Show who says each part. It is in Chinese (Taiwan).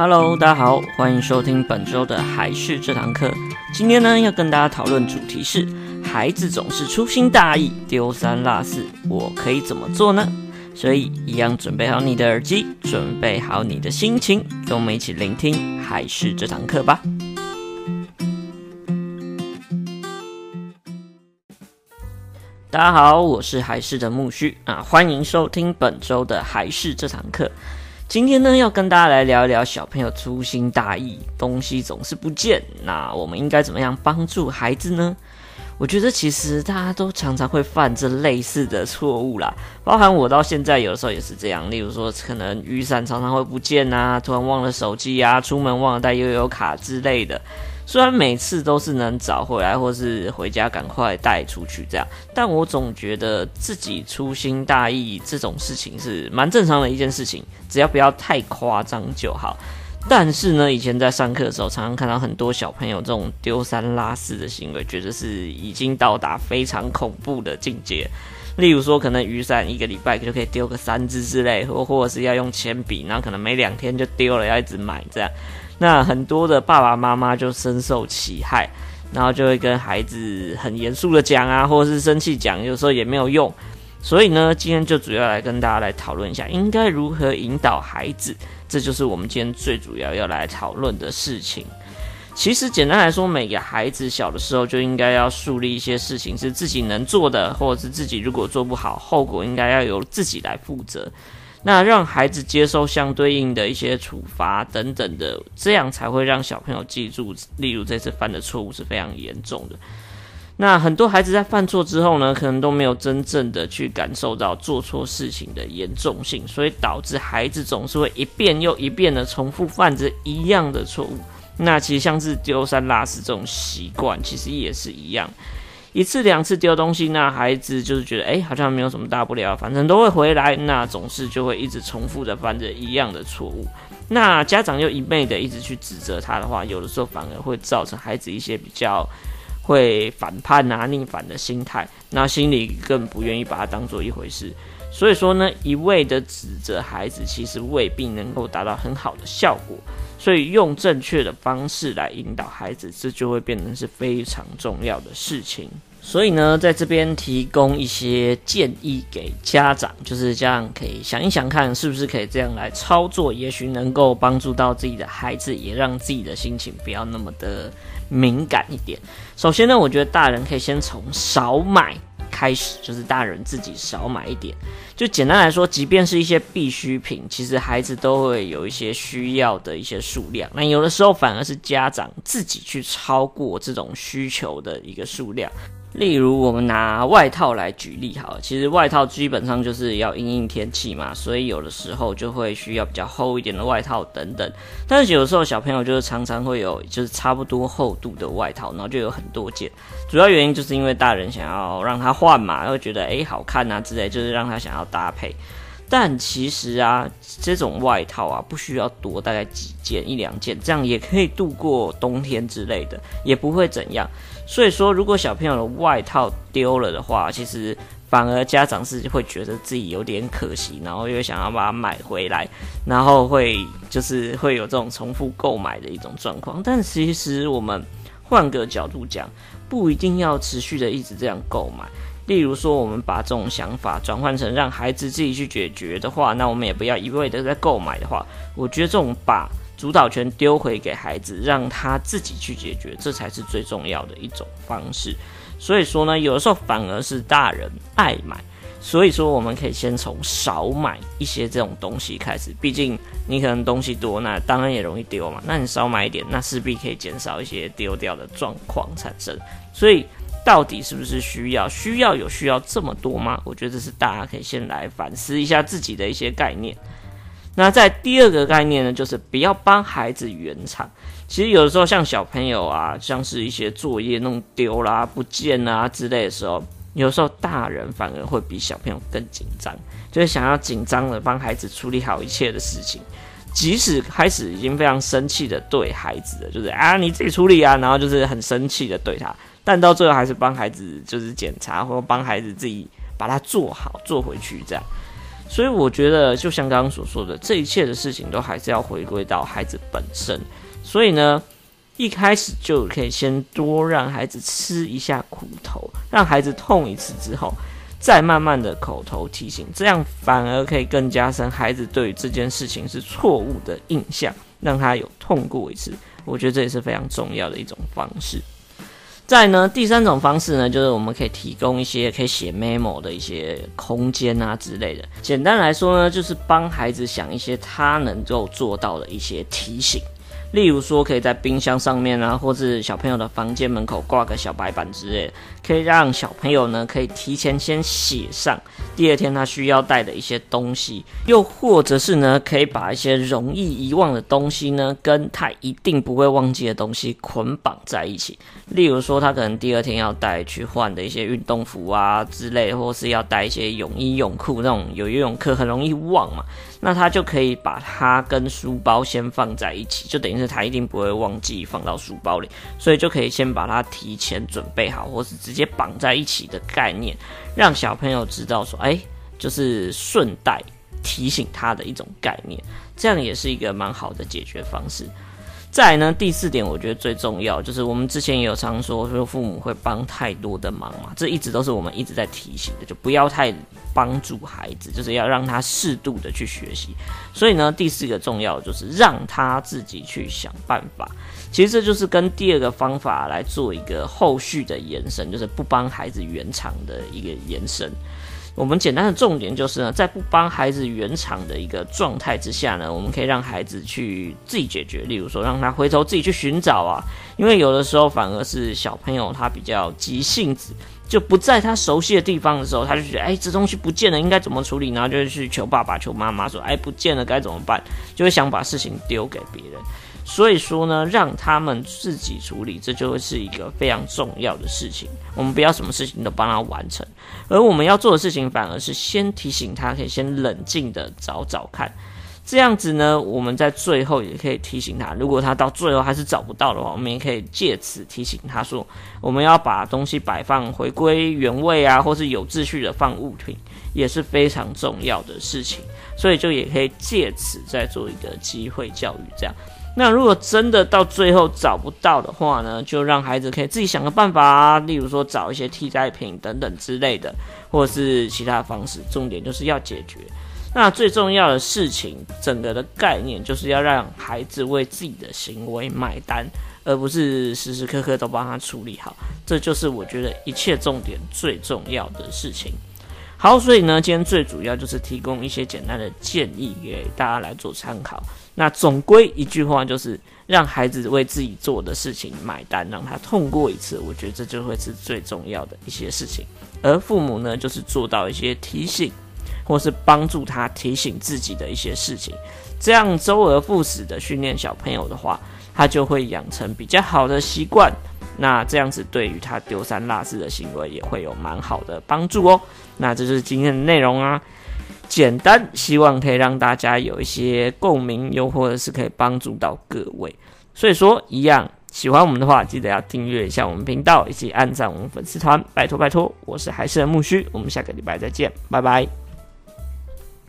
Speaker 1: Hello，大家好，歡迎收聽本周的還是這堂課。今天呢，要跟大家討論主題是，孩子總是粗心大意，丟三落四，我可以怎麼做呢？所以，一樣準備好你的耳機，準備好你的心情，跟我們一起聆聽還是這堂課吧。大家好，我是海事的木須啊，歡迎收聽本周的還是這堂課。今天呢，要跟大家來聊一聊小朋友粗心大意，東西總是不見，那我們應該怎麼樣幫助孩子呢？我覺得其實大家都常常會犯這類似的錯誤啦，包含我到現在有的時候也是這樣，例如說可能雨傘常常會不見啊，突然忘了手機啊，出門忘了帶悠遊卡之類的。雖然每次都是能找回來，或是回家趕快帶出去這樣，但我總覺得自己粗心大意這種事情是蠻正常的一件事情，只要不要太誇張就好。但是呢，以前在上課的時候，常常看到很多小朋友這種丟三落四的行為，覺得是已經到達非常恐怖的境界。例如說，可能雨傘一個禮拜就可以丟個三隻之類，或或者是要用鉛筆，然後可能沒兩天就丟了，要一直買這樣。那很多的爸爸媽媽就深受其害，然後就會跟孩子很嚴肅的講啊，或是生氣講，有時候也沒有用。所以呢，今天就主要來跟大家來討論一下，應該如何引導孩子，這就是我們今天最主要要來討論的事情。其實簡單來說，每個孩子小的時候就應該要樹立一些事情是自己能做的，或者是自己如果做不好，後果應該要由自己來負責。那讓孩子接受相對應的一些處罰等等的，這樣才會讓小朋友記住，例如這次犯的錯誤是非常嚴重的。那很多孩子在犯錯之後呢，可能都沒有真正的去感受到做錯事情的嚴重性，所以導致孩子總是會一遍又一遍的重複犯着一樣的錯誤。那其實像是丟三落四這種習慣，其實也是一樣。一次兩次丟東西，那孩子就是覺得，誒、欸，好像沒有什麼大不了，反正都會回來，那總是就會一直重複的犯着一樣的錯誤。那家長又一味的一直去指責他的話，有的時候反而會造成孩子一些比較會反叛啊、逆反的心態，那心裡更不願意把它當做一回事。所以說呢，一味的指責孩子，其實未必能夠達到很好的效果。所以用正確的方式來引導孩子，這就會變成是非常重要的事情。所以呢，在這邊提供一些建議給家長，就是家長可以想一想看，是不是可以這樣來操作，也許能夠幫助到自己的孩子，也讓自己的心情不要那麼的敏感一點。首先呢，我覺得大人可以先從少買。開始，就是大人自己少買一點，就簡單來說，即便是一些必需品，其實孩子都會有一些需要的一些數量。那有的時候反而是家長自己去超過這種需求的一個數量。例如，我們拿外套來舉例，好了，其實外套基本上就是要因應天氣嘛，所以有的時候就會需要比較厚一點的外套等等。但是有的時候小朋友就是常常會有就是差不多厚度的外套，然後就有很多件。主要原因就是因為大人想要讓他換嘛，又覺得誒，好看啊之類，就是讓他想要搭配。但其實啊，這種外套啊不需要多，大概幾件一兩件，這樣也可以度過冬天之類的，也不會怎樣。所以說，如果小朋友的外套丟了的話，其實反而家長是會覺得自己有點可惜，然後又想要把它買回來，然後會就是會有這種重複購買的一種狀況。但其實我們換個角度講，不一定要持續的一直這樣購買。例如說，我們把這種想法轉換成讓孩子自己去解決的話，那我們也不要一味的在購買的話，我覺得這種把。主導權丟回給孩子，讓他自己去解決，這才是最重要的一種方式。所以說呢，有的時候反而是大人愛買。所以說，我們可以先從少買一些這種東西開始。畢竟你可能東西多，那當然也容易丟嘛。那你少買一點，那勢必可以減少一些丟掉的狀況產生。所以到底是不是需要？需要有需要這麼多嗎？我覺得這是大家可以先來反思一下自己的一些概念。那在第二個概念呢，就是不要幫孩子圓場。其實有的時候，像小朋友啊，像是一些作業弄丟啦、不見啦之類的時候，有的時候大人反而會比小朋友更緊張，就是想要緊張的幫孩子處理好一切的事情。即使開始已經非常生氣的對孩子了，就是啊你自己處理啊，然後就是很生氣的對他，但到最後還是幫孩子就是檢查，或幫孩子自己把它做好、做回去這樣。所以我覺得，就像剛剛所說的，這一切的事情都還是要回歸到孩子本身。所以呢，一開始就可以先多讓孩子吃一下苦頭，讓孩子痛一次之後，再慢慢的口頭提醒，這樣反而可以更加深孩子對於這件事情是錯誤的印象，讓他有痛過一次。我覺得這也是非常重要的一種方式。再呢，第三種方式呢，就是我們可以提供一些可以寫 memo 的一些空間啊之類的。簡單來說呢，就是幫孩子想一些他能夠做到的一些提醒，例如說可以在冰箱上面啊，或是小朋友的房間門口掛個小白板之類的。可以讓小朋友呢，可以提前先寫上第二天他需要帶的一些東西，又或者是呢，可以把一些容易遺忘的東西呢，跟他一定不會忘記的東西捆綁在一起。例如說，他可能第二天要帶去換的一些運動服啊之類，或是要帶一些泳衣泳褲那種有游泳課很容易忘嘛，那他就可以把它跟書包先放在一起，就等於是他一定不會忘記放到書包裡，所以就可以先把它提前準備好，或是直接。也綁在一起的概念，讓小朋友知道說，哎，就是順帶提醒他的一種概念，這樣也是一個蠻好的解決方式。再來呢，第四點我覺得最重要，就是我們之前也有常說，說父母會幫太多的忙嘛，這一直都是我們一直在提醒的，就不要太幫助孩子，就是要讓他適度的去學習。所以呢，第四個重要就是讓他自己去想辦法。其實這就是跟第二個方法來做一個後續的延伸，就是不幫孩子圓場的一個延伸。我們簡單的重點就是呢，在不幫孩子圓場的一個狀態之下呢，我們可以讓孩子去自己解決。例如說，讓他回頭自己去尋找啊，因為有的時候反而是小朋友他比較急性子，就不在他熟悉的地方的時候，他就覺得哎，這東西不見了應該怎麼處理，然後就去求爸爸求媽媽說，哎，不見了該怎麼辦？就會想把事情丟給別人。所以說呢，讓他們自己處理，這就會是一個非常重要的事情。我們不要什麼事情都幫他完成，而我們要做的事情反而是先提醒他，可以先冷靜的找找看。這樣子呢，我們在最後也可以提醒他，如果他到最後還是找不到的話，我們也可以借此提醒他說，我們要把東西擺放回歸原位啊，或是有秩序的放物品，也是非常重要的事情。所以就也可以借此再做一個機會教育，這樣。那如果真的到最後找不到的話呢，就讓孩子可以自己想個辦法，例如說找一些替代品等等之類的，或者是其他的方式。重點就是要解決。那最重要的事情，整個的概念就是要讓孩子為自己的行為買單，而不是時時刻刻都幫他處理好。這就是我覺得一切重點最重要的事情。好，所以呢，今天最主要就是提供一些簡單的建議給大家來做參考。那總歸一句話就是，讓孩子為自己做的事情買單，讓他痛過一次，我覺得這就會是最重要的一些事情。而父母呢，就是做到一些提醒，或是幫助他提醒自己的一些事情。這樣周而復始的訓練小朋友的話，他就會養成比較好的習慣。那這樣子對於他丟三落四的行為也會有蠻好的幫助哦。那這就是今天的內容啊，簡單，希望可以讓大家有一些共鳴，又或者是可以幫助到各位。所以說，一樣喜歡我們的話，記得要訂閱一下我們頻道，以及按讚我們粉絲團，拜託拜託。我是海事牧師，我們下個禮拜再見，拜拜。